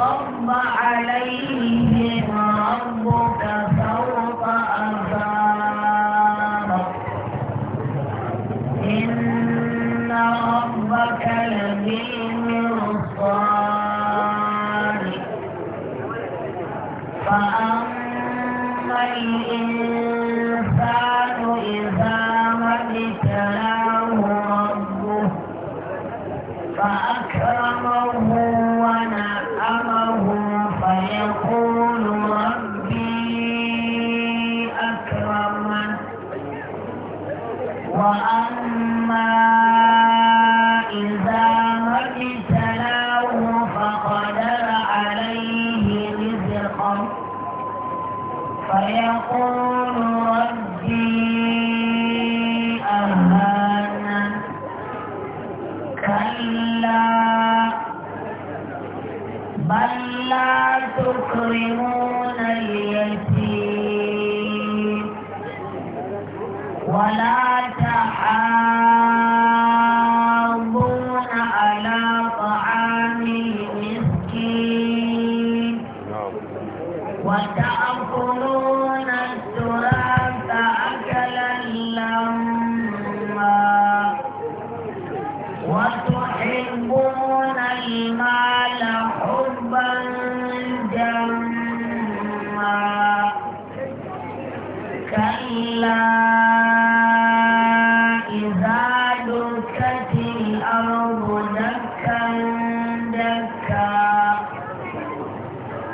فَرَبَّ عَلَيْهِ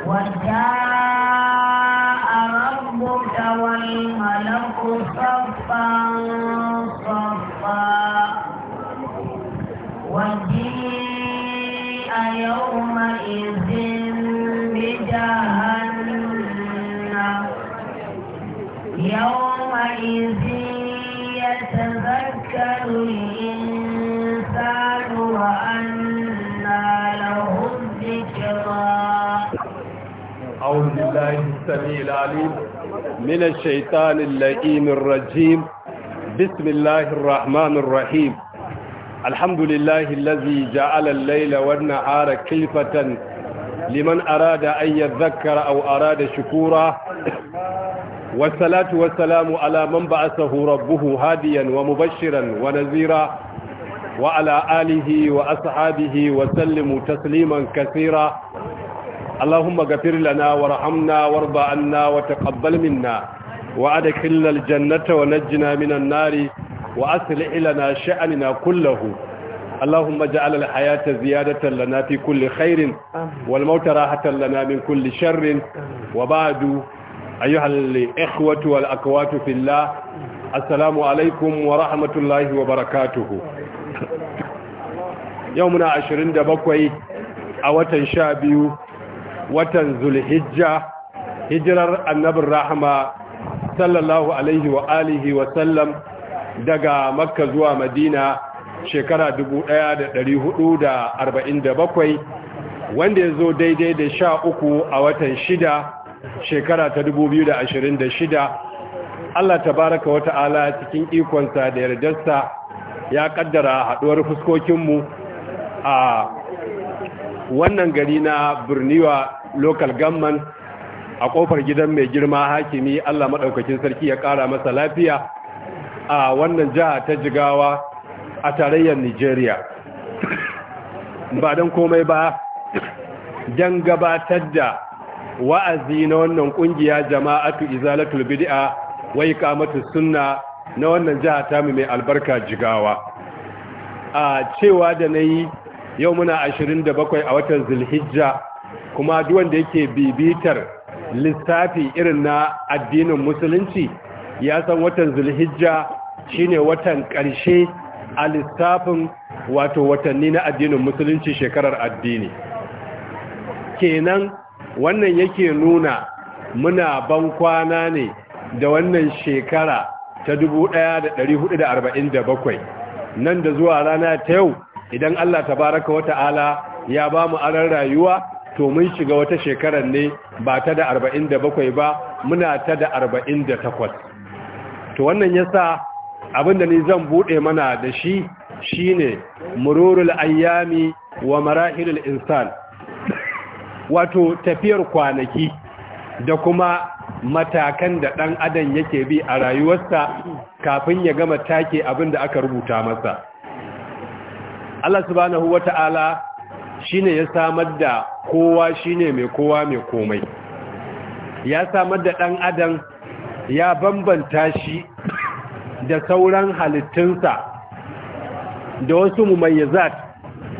وجاء ربك والملك العليم من الشيطان اللئيم الرجيم بسم الله الرحمن الرحيم الحمد لله الذي جعل الليل والنهار كلفة لمن أراد أن يذكر أو أراد شكورا والصلاة والسلام على من بعثه ربه هاديا ومبشرا ونذيرا وعلى آله وأصحابه وسلموا تسليما كثيرا اللهم اغفر لنا وارحمنا وارض عنا وتقبل منا وادخلنا الجنة ونجنا من النار وأصلح لنا شأننا كله اللهم اجعل الحياة زيادة لنا في كل خير والموت راحة لنا من كل شر وبعد أيها الإخوة والأكوات في الله السلام عليكم ورحمة الله وبركاته يومنا عشرين دبقوي أوة شابيو watan zulhijja hijirar Annabi Rahma, sallallahu alaihi wa alihi wa sallam daga makka zuwa madina shekara 1447 wanda ya zo daidai da sha uku a watan shida shekara ta 2026 Allah ta baraka wa ta'ala cikin ikonsa da yardarsa ya kaddara haduwar fuskokinmu a wannan gari na birniwa local government a kofar gidan mai girma hakimi allah maɗaukakin sarki ya ƙara masa lafiya a wannan jiha ta jigawa a tarayyar nigeria ba don komai ba don gabatar da wa'azi na wannan ƙungiya jama'atu izalatul bid'a wai kamatu sunna na wannan jiha ta mai albarka jigawa a cewa da na yi yau muna 27 a watan zulhijja kuma duwanda yake bibitar lissafi irin na addinin musulunci ya san watan zulhijja shine watan ƙarshe a lissafin wato watanni na addinin musulunci shekarar addini kenan wannan yake nuna muna ban kwana ne da wannan shekara ta 1447 nan da zuwa rana ta yau idan Allah tabaraka wa ta'ala ya ba mu aran rayuwa to mun shiga wata shekarar ne ba ta da 47 ba muna ta da 48 to wannan yasa abinda ni zan bude mana da shi shine mururul ayyami wa marahilul insan wato tafiyar kwanaki da kuma matakan da ɗan adam yake bi a rayuwarsa kafin ya gama take abin da aka rubuta masa Allah subhanahu wata'ala shine ya samar da kowa shine mai kowa mai komai ya samar da ɗan adam ya bambanta shi da sauran halittunsa da wasu mumayyazat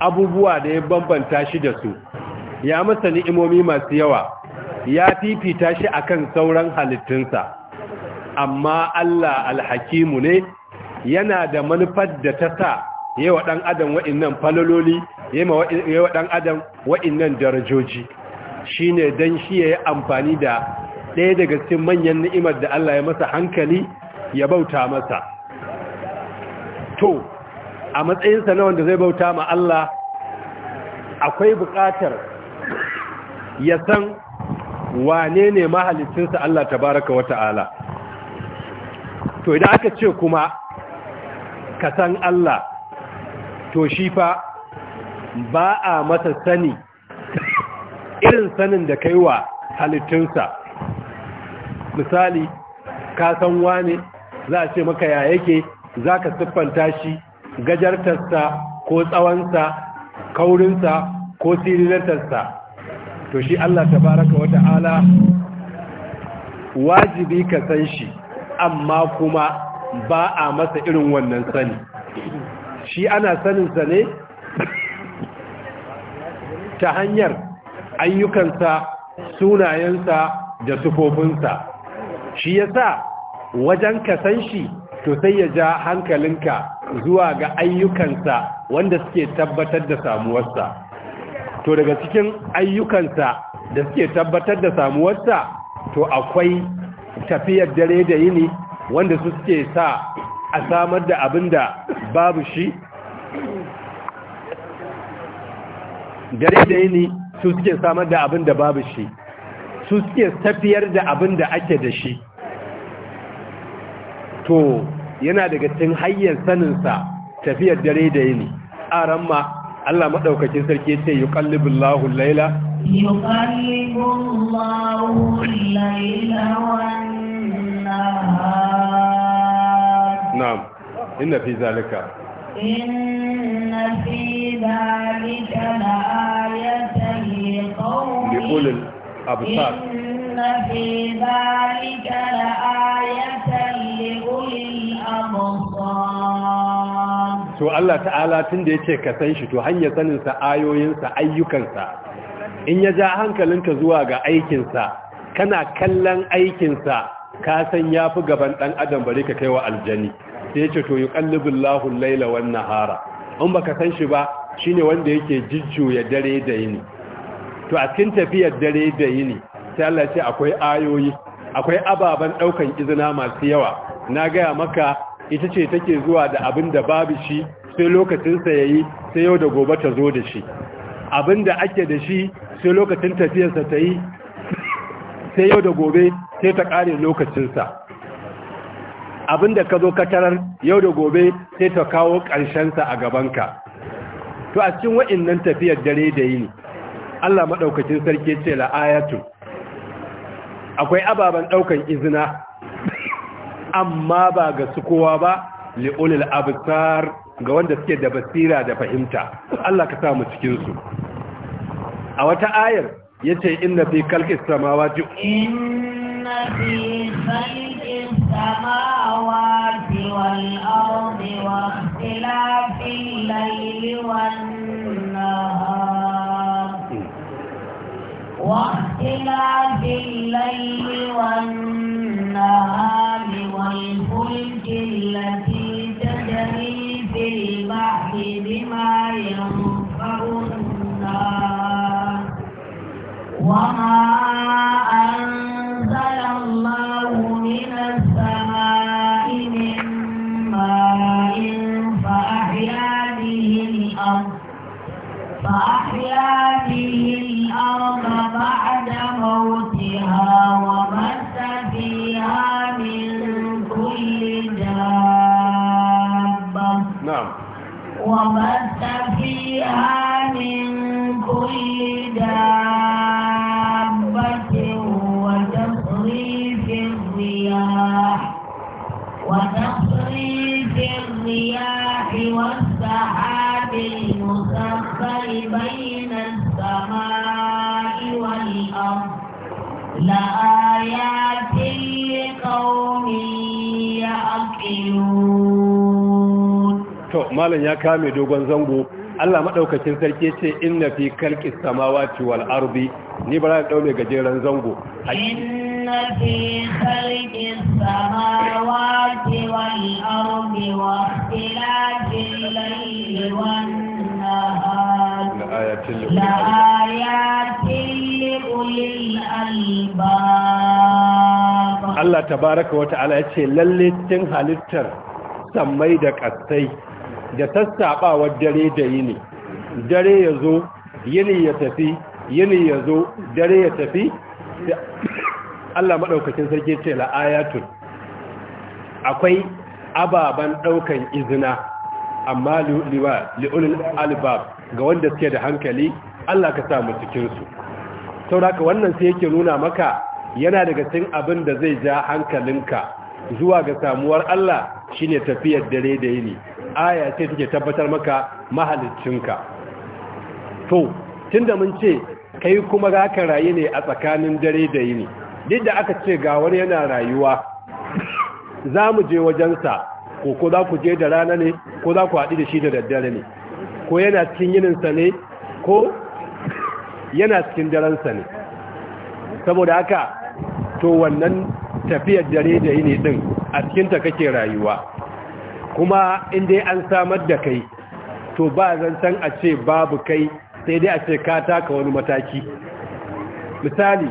abubuwa da ya bambanta shi da su ya masa ni'imomi masu yawa ya fifita shi akan sauran halittunsa amma Allah alhakimu ne yana da manufar da ta sa Yi wa ɗan adam falaloli yi wa ɗan adam wa'annan darajoji ne don shi ya yi amfani da ɗaya daga cikin manyan ni'imar da Allah ya masa hankali ya bauta masa to a matsayinsa na wanda zai bauta ma Allah akwai buƙatar ya san wane ne mahalicinsa Allah baraka wa ta'ala to idan aka ce kuma ka san Allah to shi fa ba a masa sani irin sanin da kai wa halittunsa misali ka san wane za a ce maka ya yake za ka siffanta shi gajartarsa ko tsawonsa kaurinsa ko sirinartarsa to shi Allah baraka wata ala wajibi ka san shi amma kuma ba a masa irin wannan sani shi ana saninsa ne ta hanyar ayyukansa sunayensa da sufofinsa shi ya sa wajen ka san shi to sai ya ja hankalinka zuwa ga ayyukansa wanda suke tabbatar da samuwarsa to daga cikin ayyukansa da suke tabbatar da samuwarsa to akwai tafiyar dare da yini wanda su suke sa a samar da abin da babu shi dare da yini su suke samar da abin da babu shi su suke tafiyar da abin da ake da shi to yana daga cikin hayyar saninsa tafiyar dare da yini a ramma Allah maɗaukacin sarki ce yi ƙallibin lahun laila na'am inna في ذلك إن في ذلك لآية لقوم يقول الأبصار إن في ذلك لآية to Allah ta'ala tun tunda yace ka san shi to hanyar sanin sa ayyukansa, in ya ja hankalinka zuwa ga aikinsa, kana kallon aikinsa, sa ka san yafi gaban dan adam bare ka kai wa aljani sai yake to yuqallibullahu al-laila wan nahara in baka san shi ba shine wanda yake jijjuya dare da yini to a cikin tafiyar dare da yini sai Allah ce akwai ayoyi akwai ababan daukan izina masu yawa na gaya maka ita ce take zuwa da abin da babu shi sai lokacinsa ya yi sai yau da gobe ta zo da shi abin da ake da shi sai lokacin tafiyarsa ta yi sai yau da gobe sai ta ƙare lokacinsa da ka zo ka tarar yau da gobe sai ta kawo ƙarshensa a gabanka to a cikin wa'innan tafiyar dare da yi ne. Allah maɗaukacin sarki ce la'ayatu. akwai ababen ɗaukan izina amma ba ga su kowa ba li'ulil abisar ga wanda suke da basira da fahimta Allah ka samu cikinsu a wata ayar yace inna fi kalkis samawa inna fi السماوات والأرض واختلاف الليل والنهار واختلاف الليل والنهار والفلك التي تجري في البحر بما ينفع ya kame dogon zango Allah madaukakin sarki ce inna fi khalqis samawati wal ardi ni bara da daure gajeren zango inna fi khalqis samawati wal ardi wa nahar yace lalle cin halittar sammai da ƙasai da sassaɓawar dare da yini dare ya zo yini ya tafi yini ya zo dare ya tafi Allah maɗaukacin sarki ce la'ayatun akwai ababen ɗaukan izina amma liwa albab ga wanda suke da hankali Allah ka samu cikinsu sauraka wannan sai yake nuna maka yana daga cikin abin da zai ja hankalinka zuwa ga samuwar Allah shine tafiyar dare da yini aya ce take tabbatar maka mahalicinka to tunda mun ce kai kuma za ka rayu ne a tsakanin dare da yini duk da aka ce ga wani yana rayuwa za mu je wajensa ko ko za ku je da rana ne ko za ku haɗu da shi da daddare ne ko yana cikin yininsa ne ko yana cikin daransa ne saboda haka to wannan tafiyar dare da yini din a cikinta kake rayuwa kuma in dai an samar da kai to ba zan san a ce babu kai sai dai a ce ka taka wani mataki misali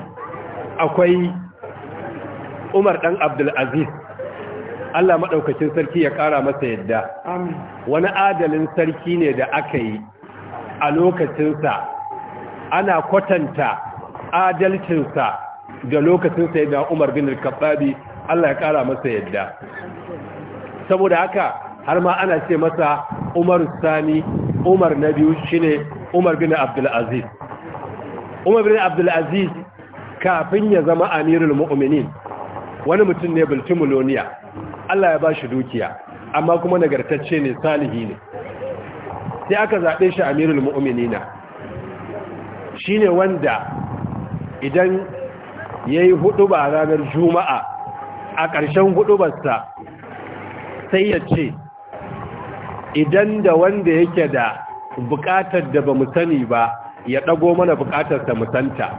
akwai umar dan abdulaziz Allah maɗaukacin sarki ya ƙara masa yadda wani adalin sarki ne da aka yi a lokacinsa ana kwatanta adalcinsa da lokacinsa yadda umar bin al Allah ya ƙara masa yadda saboda haka har ma ana ce masa umar sani umar na biyu shine umar bin abdulaziz umar bin abdulaziz kafin ya zama amirul mu'minin wani mutum ne bultimuloniya Allah ya ba shi dukiya amma kuma nagartacce ne salihi ne sai aka zaɓe shi amirul mu'minina shi ne wanda idan ya yi hudu ba ranar juma'a a ƙarshen hudu sai ya ce idan da wanda yake da bukatar da ba mu sani ba ya ɗago mana bukatar ta musanta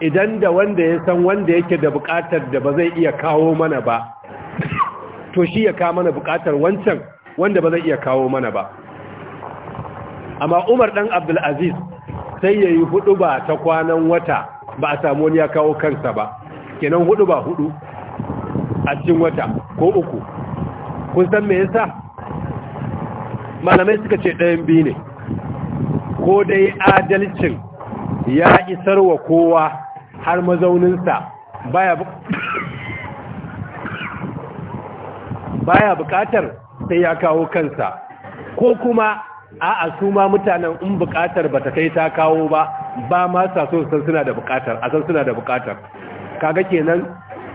idan da wanda ya san wanda yake da bukatar da ba zai iya kawo mana ba to shi ya kawo mana bukatar wancan wanda ba zai iya kawo mana ba amma umar dan abdulaziz sai ya yi hudu ba ta kwanan wata ba a samu wani ya kawo kansa ba kenan hudu ba hudu a cikin wata ko uku kun san me yasa malamai suka ce ɗayan biyu ne ko dai adalcin ya isar wa kowa har mazauninsa baya baya bukatar sai ya kawo kansa ko kuma a'a su ma mutanen in buƙatar ba ta kai ta kawo ba ba ma sa so san suna da buƙatar a san suna da buƙatar. kaga kenan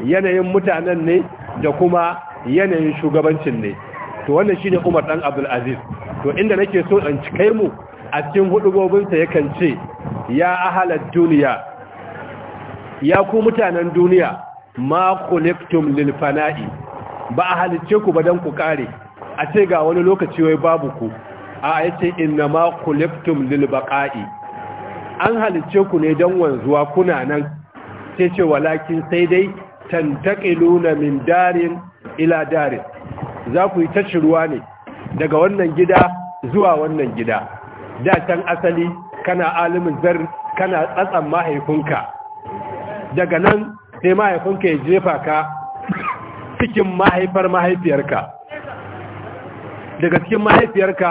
yanayin mutanen ne da kuma yanayin shugabancin ne to wannan shine Umar dan Abdulaziz, to inda nake so in cikai mu a cikin hudubobin yakan ce ya ahalad duniya ya ku mutanen duniya ma khuliqtum lil fana'i ba a halicce ku ba dan ku kare a ce ga wani lokaci wai babu ku a yace inna ma khuliqtum lil baqa'i an halicce ku ne dan wanzuwa kuna nan sai ce walakin sai dai tantaqiluna min darin ila darin za ku yi ta ne daga wannan gida zuwa wannan gida da can asali kana alimin zar kana tsatsan mahaifinka daga nan sai mahaifinka ya jefa ka cikin mahaifar mahaifiyarka daga cikin mahaifiyarka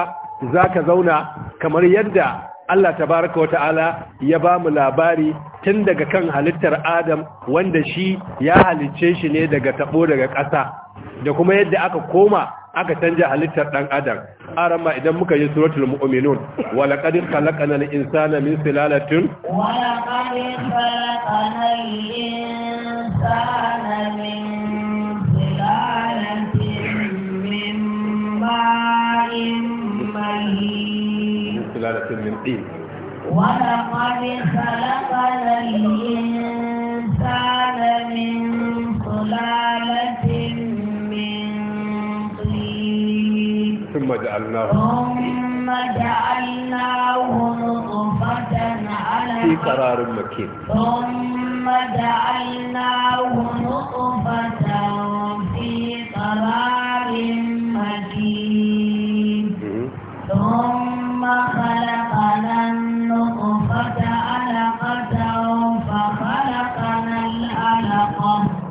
za ka zauna kamar yadda Allah tabaraka wa ta'ala ya ba mu labari tun daga kan halittar adam wanda shi ya halicce shi ne daga tabo daga ƙasa da kuma yadda aka koma aka canja halittar ɗan adam arama idan muka yi suratul mu'minun wa laqad khalaqnal insana min sulalatin wa laqad khalaqnal insana min sulalatin min ma'in mahin min sulalatin min tin ولقد خلق الإنسان من سلالة من طين ثم جعلناه ثم جعلناه نطفة على في قرار مكين ثم جعلناه نطفة في قرار مكين ثم خلقنا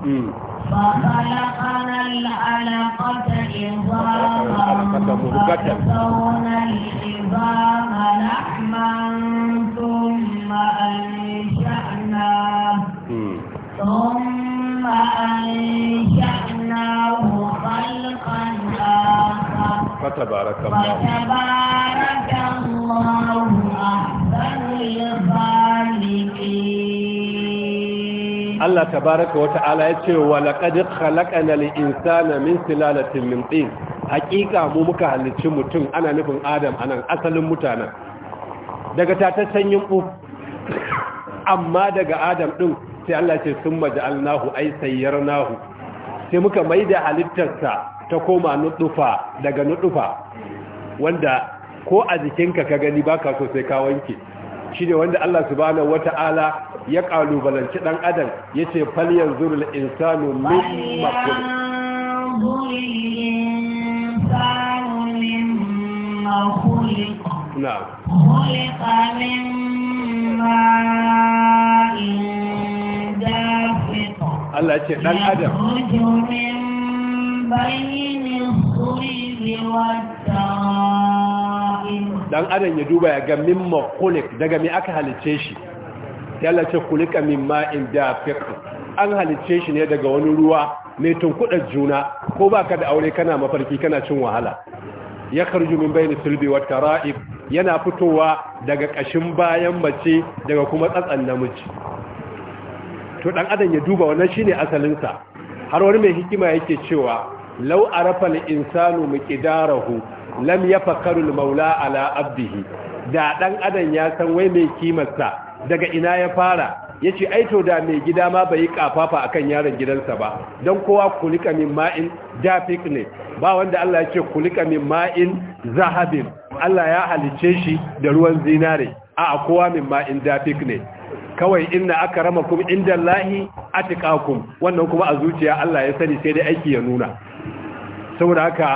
فخلقنا العلقة عظاما فكسونا العظام لحما ثم أنشأناه ثم أنشأناه خلقا آخر فتبارك الله Allah tabaraka wa ta'ala ya ce wa laqad khalaqana al-insana min silalatin min tin hakika mu muka halicci mutum ana nufin Adam anan asalin mutanen daga tatacen yinku amma daga Adam din sai Allah ce summa ja'alnahu ay sayyarnahu sai muka mai da halittarsa ta koma nudufa daga nudufa wanda ko a jikinka ka gani baka so sai ka wanke shine wanda Allah subhanahu wata'ala ya kalubalanci dan adam yace fal yanzurul insanu mimma khuliq na'am khuliqa mimma na Allah yace dan adam min bayni khulqi wa dan adam ya duba ya ga mimma kulik daga me aka halice shi Yalla Allah ce khuliqa mimma in dafiq an halice shi ne daga wani ruwa mai tunkuɗa juna ko baka da aure kana mafarki kana cin wahala ya kharju min bayni sulbi wa tara'ib yana fitowa daga ƙashin bayan mace daga kuma tsatsan namiji to dan adam ya duba wannan shine asalin sa har wani mai hikima yake cewa Lau a rafan insanu miqdarahu lam yafa al-maula ala abdihi da dan adam ya san wai mai kimarsa daga ina ya fara yace ai to da mai gida ma bai kafafa akan yaron gidansa ba dan kowa kulika min ma'in dafik ne ba wanda Allah ya ce kulika min ma'in zahabin Allah ya halice shi da ruwan zinare a kowa min ma'in dafik ne kawai inna aka rama kuma inda lahi a wannan kuma a zuciya Allah ya sani sai dai aiki ya nuna saboda haka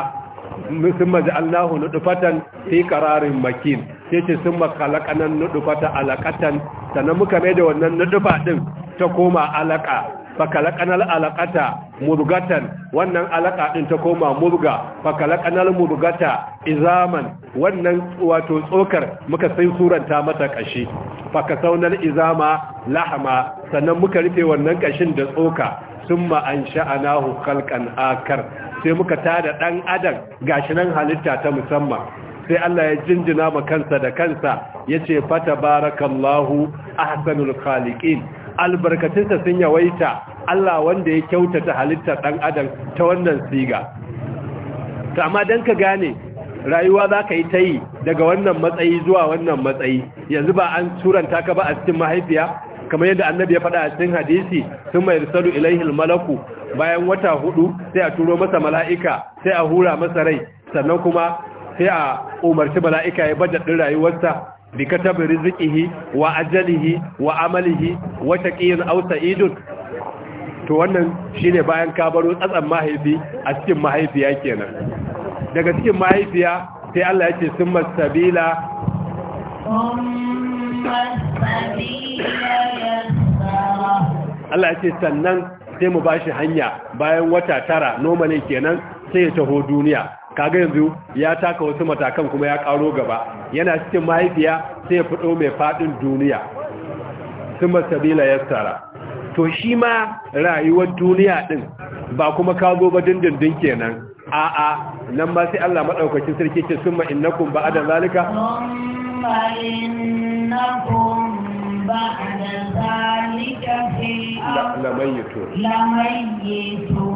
sun maji allahu nudufatan fi kararin makin sai ce sun makalakanan nudufata alakatan sannan muka mai da wannan nudufa ɗin ta koma alaka fakalakanar alaqata murgatan wannan alaka din ta koma murga fakalakanar murgata izaman wannan wato tsokar muka sai suranta mata kashi fakasaunal izama lahama sannan muka rufe wannan ƙashin da tsoka summa ansha'anahu khalqan akar sai muka tada dan adam gashi nan halitta ta musamman sai Allah ya jinjina ma kansa da kansa ya ce fata barakallahu ahsanul khaliqin albarkatunsa sun yawaita Allah wanda ya kyautata halitta ɗan adam ta wannan siga to amma don ka gane rayuwa za ka yi ta yi daga wannan matsayi zuwa wannan matsayi yanzu ba an turanta ka ba a cikin mahaifiya kamar yadda annabi ya faɗa a cikin hadisi sun mai risalu ilaihil malaku bayan wata hudu sai a turo masa mala'ika sai a hura masa rai sannan kuma sai a umarci mala'ika ya bajet ɗin rayuwarsa bi katabi rizqihi wa ajalihi wa amalihi wa aw sa'idun to wannan shine bayan ka baro tsatsan mahaifi a cikin mahaifiya kenan daga cikin mahaifiya sai Allah ya ce summa sabila Allah ya ce sannan sai mu bashi hanya bayan wata tara normally kenan sai ya taho duniya kaga yanzu ya taka wasu matakan kuma ya karo gaba yana cikin mahaifiya sai ya fito mai fadin duniya ba sabila ya tsara. to shi ma rayuwar duniya din ba kuma kago ba dindindin kenan a'a nan ma sai Allah madaukakin sarki ce ma innakum adan zalika la mayyitu la mayyitu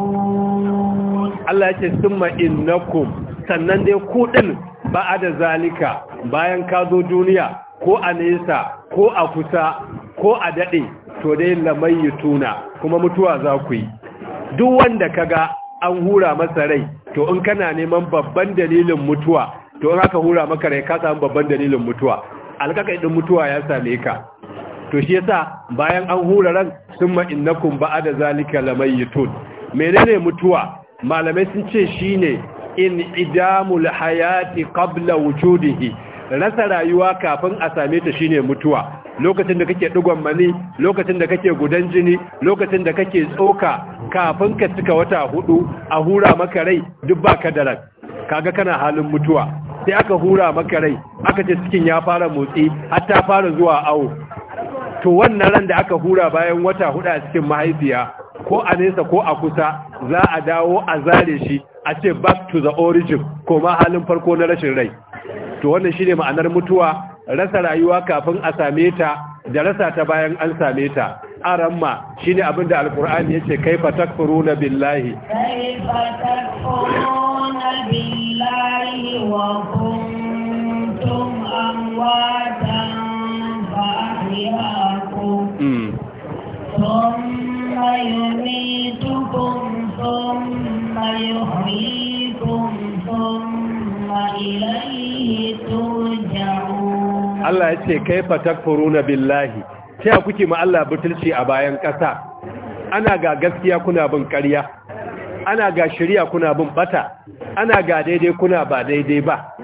Allah ya ce summa innakum sannan dai ku din ba da zalika bayan ka zo duniya ko a nesa ko a kusa ko a dade to dai lamayituna kuma mutuwa za ku yi duk wanda kaga an hura masa rai to in kana neman babban dalilin mutuwa to in aka hura maka rai ka samu babban dalilin mutuwa alƙaƙa idan mutuwa ya same ka to shi yasa bayan an hura ran summa innakum ba'da zalika lamayitun menene mutuwa malamai sun ce shi ne in idamul hayati qabla wujudihi rasa rayuwa kafin a same ta shi ne mutuwa lokacin da kake digon mani lokacin da kake gudan jini lokacin da kake tsoka kafin ka cika wata hudu a hura maka rai duk baka da kaga kana halin mutuwa sai aka hura maka rai aka ce cikin ya fara motsi hatta fara zuwa awo to wannan ran da aka hura bayan wata hudu a cikin mahaifiya ko a nesa ko a kusa za a dawo a zare shi a ce back to the origin ko halin farko na rashin rai to wannan shine ma'anar mutuwa rasa rayuwa kafin a same ta da rasa ta bayan an same ta aramma shine abin da alkur'ani ya ce kai fatak kaifa na billahi wa kuntum يميتكم ثم يحييكم ثم إليه ترجعون الله يتي كيف تكفرون بالله ta kuke ma Allah butulci a bayan ƙasa ana ga gaskiya kuna bin ƙarya ana ga shari'a kuna bin ɓata. ana ga daidai kuna ba daidai ba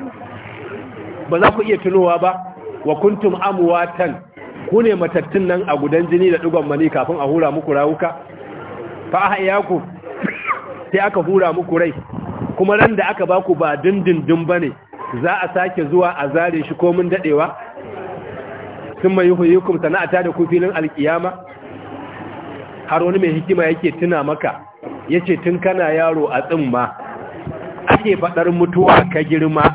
ba za ku iya tunowa ba wa kuntum amwatan ku ne matattun nan a gudan jini da dugon mani kafin a hura muku rawuka fa a ku sai aka hura muku rai kuma ran da aka baku ba dindindin bane za a sake zuwa a zare shi komin dadewa sun mai yuhuyukum sana'ata da ku filin alkiyama har wani mai hikima yake tuna maka yace tun kana yaro a tsimma ake faɗar mutuwa ka girma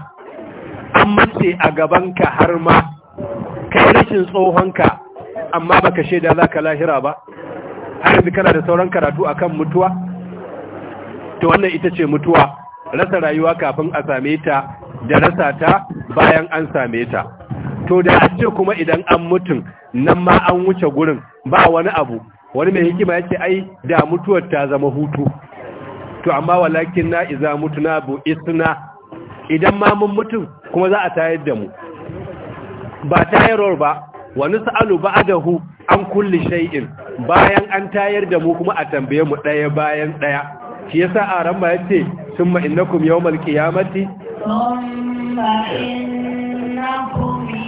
an mace a gaban ka har ma kai rashin tsohonka amma baka shaida za ka lahira ba har yanzu kana da sauran karatu akan mutuwa to wannan ita ce mutuwa rasa rayuwa kafin a same ta da rasa ta bayan an same ta to da a ce kuma idan an mutum nan ma an wuce gurin ba wani abu wani mai hikima yake ai da mutuwar ta zama hutu to amma walakin na iza mutuna bu isna idan ma mun mutum kuma za a tayar da mu ba tayarwar ba wani sa'alu ba adahu an kulli shai'in bayan an tayar da mu kuma a tambaye mu ɗaya bayan ɗaya shi yasa ce, ramba yace summa innakum yawmal mati?"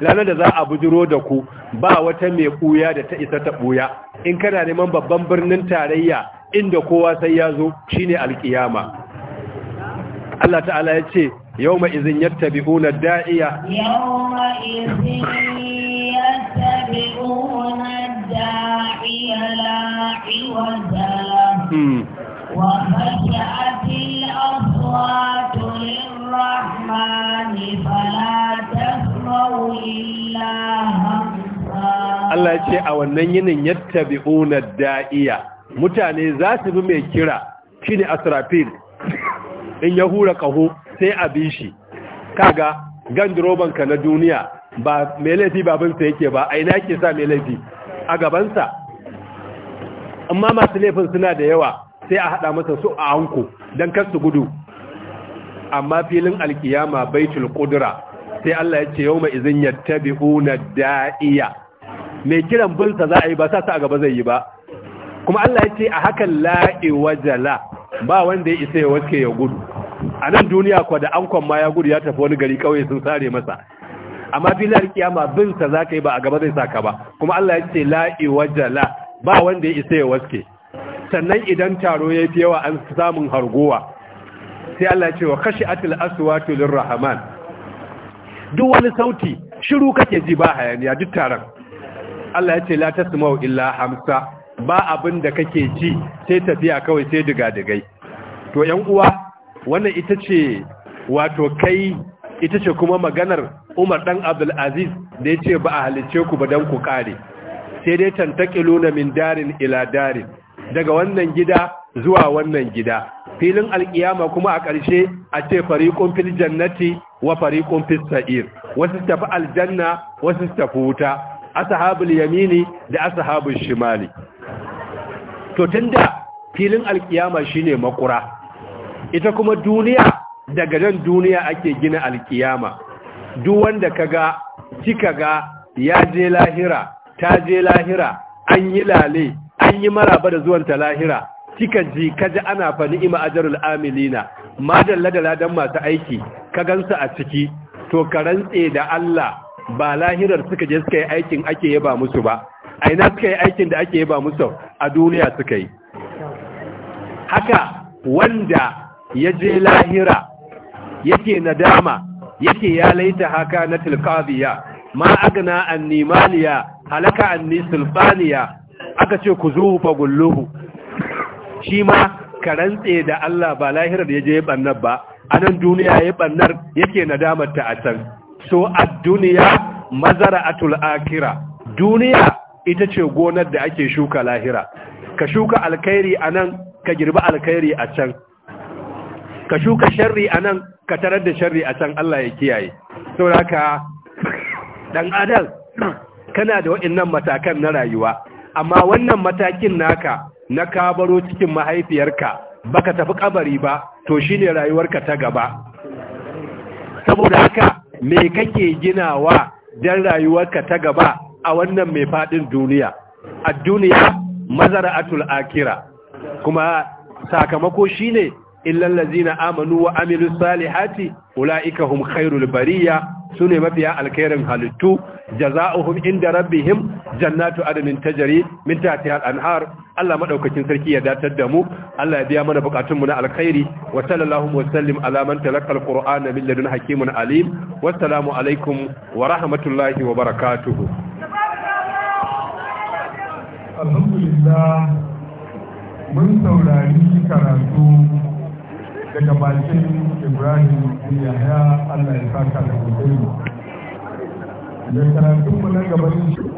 ranar da za a bujiro da ku ba wata mai ɓuya da ta isa ta ɓuya in kana neman babban birnin tarayya inda kowa sai ya zo shi ne alkiyama Allah ta'ala ya ce yau ma izin yadda bi hunar da'iya yau ma izin yadda Allah ya ce a wannan yinin yadda na da'iya mutane za su bi mai kira shi ne asrafil in ya hura ƙaho sai a bi shi kaga gandirobanka na duniya ba mai laifi babinsa yake ba aina ke sa mai laifi a gabansa amma masu laifin suna da yawa sai a haɗa masa su a hanku don kar su gudu amma filin alkiyama baitul kudura sai Allah ya ce yau mai izin ya tabi una da'iya mai kiran bulta za a yi ba sa a gaba zai yi ba kuma Allah ya ce a hakan la'i wajala ba wanda ya isa ya waske ya gudu a nan duniya kwa da ankon ma ya gudu ya tafi wani gari kauye sun sare masa amma filar kiyama binsa za ka yi ba a gaba zai sa ka ba kuma Allah ya ce la'i wajala ba wanda ya isa ya waske sannan idan taro ya fi yawa an samun hargowa sai Allah ya ce wa kashi atil aswatu lirrahman duk wani sauti shiru kake ji ba hayaniya duk taron Allah ya ce la tasma'u illa hamsa ba abin da kake ji sai tafiya kawai sai diga-digai to yan uwa wannan ita ce wato kai ita ce kuma maganar Umar dan Abdul Aziz da ya ce ba a halice ku ba dan ku kare sai dai tantakiluna min darin ila darin daga wannan gida zuwa wannan gida filin alkiyama kuma a ƙarshe a ce fariƙun fil jannati wa fariƙun fil sa'ir wasu tafi aljanna wasu tafi wuta ashabul yamini da ashabul shimali to tunda filin alkiyama shine makura ita kuma duniya daga nan duniya ake gina alƙiyama. duk wanda ka kaga kika ga ya je lahira ta je lahira an yi lale an yi maraba da zuwanta lahira kika ji kaji ana fa ni'ima ajrul amilina madalla da ladan masu aiki ka gansu a ciki to ka rantse da Allah ba lahirar suka je suka yi aikin ake yaba musu ba a ina suka yi aikin da ake yaba musu a duniya suka yi haka wanda ya je lahira yake nadama yake ya laita haka na tilkaziya ma agna nimaliya halaka an sulfaniya aka ce ku zuhu fa gulluhu shi ma ka rantse da Allah ba lahirar ya je ya bannar ba a nan duniya ya bannar yake nadamar ta a can so a duniya mazara mazara'atul akira duniya ita ce gonar da ake shuka lahira ka shuka alkhairi a nan ka girbi alkhairi a can ka shuka sharri a nan ka tarar da sharri a can Allah ya kiyaye saboda ka dan adal kana da waɗannan matakan na rayuwa amma wannan matakin naka na kabaro cikin mahaifiyarka baka tafi kabari ba to shine rayuwarka ta gaba saboda haka me kake ginawa dan rayuwarka ta gaba a wannan mai faɗin duniya a duniya mazara'atul akira kuma sakamako shine illal ladzina amanu wa amilus salihati ulaika hum khairul bariya sune mafiya alkhairin halittu jazaohum inda rabbihim jannatu adnin tajri min tahtiha al-anhar Allah madaukakin sarki ya datar da mu Allah ya biya mana bukatun mu na alkhairi wa sallallahu wa sallim ala man talaqa al min ladun hakimun alim wassalamu alaikum wa rahmatullahi wa barakatuh alhamdulillah mun saurari karatu daga bakin ibrahim yahya allah ya saka da hussein da karatunmu na gabanin